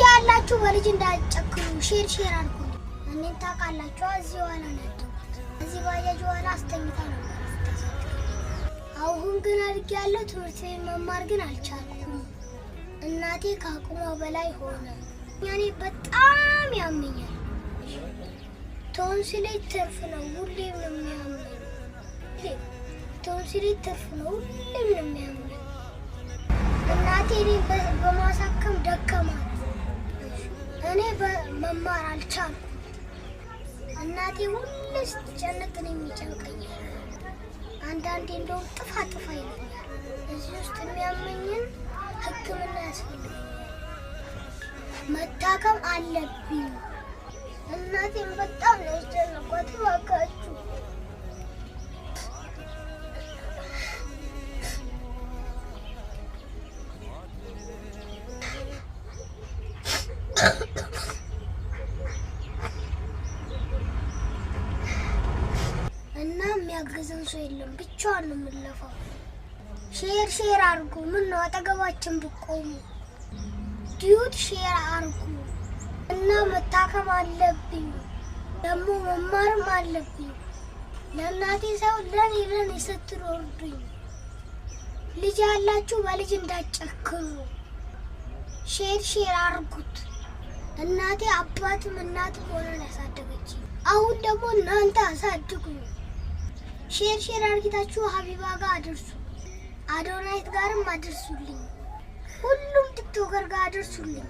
እዚህ ያላችሁ በልጅ እንዳጨክሙ ሼር ሼር አልኩ። እኔን ታውቃላችሁ። እዚህ ኋላ ነጠቁት። እዚህ ባጃጅ ኋላ አስተኝታ ነበር። አሁን ግን አድግ ያለው ትምህርት ቤት መማር ግን አልቻልኩም። እናቴ ከአቅሟ በላይ ሆነ። ያኔ በጣም ያመኛል። ቶንሲሌ ትርፍ ነው፣ ሁሌም ነው የሚያመኝ። ቶንሲሌ ትርፍ ነው፣ ሁሌም ነው የሚያመኝ። እናቴ በማሳከም ደከማል። እኔ መማር አልቻልኩም። እናቴ ሁሌ ስትጨነቅ ነው የሚጨንቀኝ። አንዳንዴ እንደውም ጥፋ ጥፋ ይለኛል። እዚህ ውስጥ የሚያመኝን ሕክምና ያስፈልግ መታከም አለብኝ። እናቴም በጣም ነው ያስጨነቋት። እባካችሁ የሚያገዘን ሰው የለም። ብቻዋን ነው የምንለፋው። ሼር ሼር አርጉ ምን ነው አጠገባችን ብቆሙ ዲዩት ሼር አርጉ እና መታከም አለብኝ ደግሞ መማርም አለብኝ። ለእናቴ ሰው ለኔ ለኔ ስትል ወርዱኝ። ልጅ ያላችሁ በልጅ እንዳጨክሩ ሼር ሼር አርጉት እናቴ አባትም እናትም ሆነን ያሳደገች፣ አሁን ደግሞ እናንተ አሳድጉኝ። ሼር ሼር አርጊታችሁ ሀቢባ ጋር አድርሱ። አዶናይት ጋርም አድርሱልኝ። ሁሉም ቲክቶከር ጋር አድርሱልኝ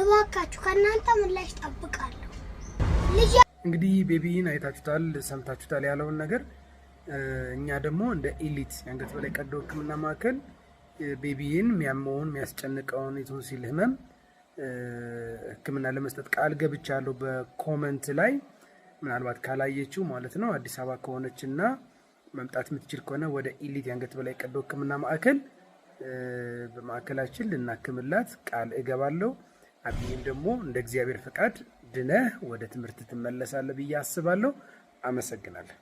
እባካችሁ። ከእናንተ ምላሽ ጠብቃለሁ። እንግዲህ ቤቢን አይታችሁታል፣ ሰምታችሁታል ያለውን ነገር እኛ ደግሞ እንደ ኤሊት የአንገት በላይ ቀዶ ሕክምና ማዕከል ቤቢን የሚያመውን የሚያስጨንቀውን የቶንሲል ህመም ሕክምና ለመስጠት ቃል ገብቻለሁ በኮመንት ላይ ምናልባት ካላየችው ማለት ነው አዲስ አበባ ከሆነች እና መምጣት የምትችል ከሆነ ወደ ኢሊት የአንገት በላይ ቀዶ ህክምና ማዕከል በማዕከላችን ልናክምላት ቃል እገባለሁ። አብይም ደግሞ እንደ እግዚአብሔር ፈቃድ ድነህ ወደ ትምህርት ትመለሳለህ ብዬ አስባለሁ። አመሰግናለሁ።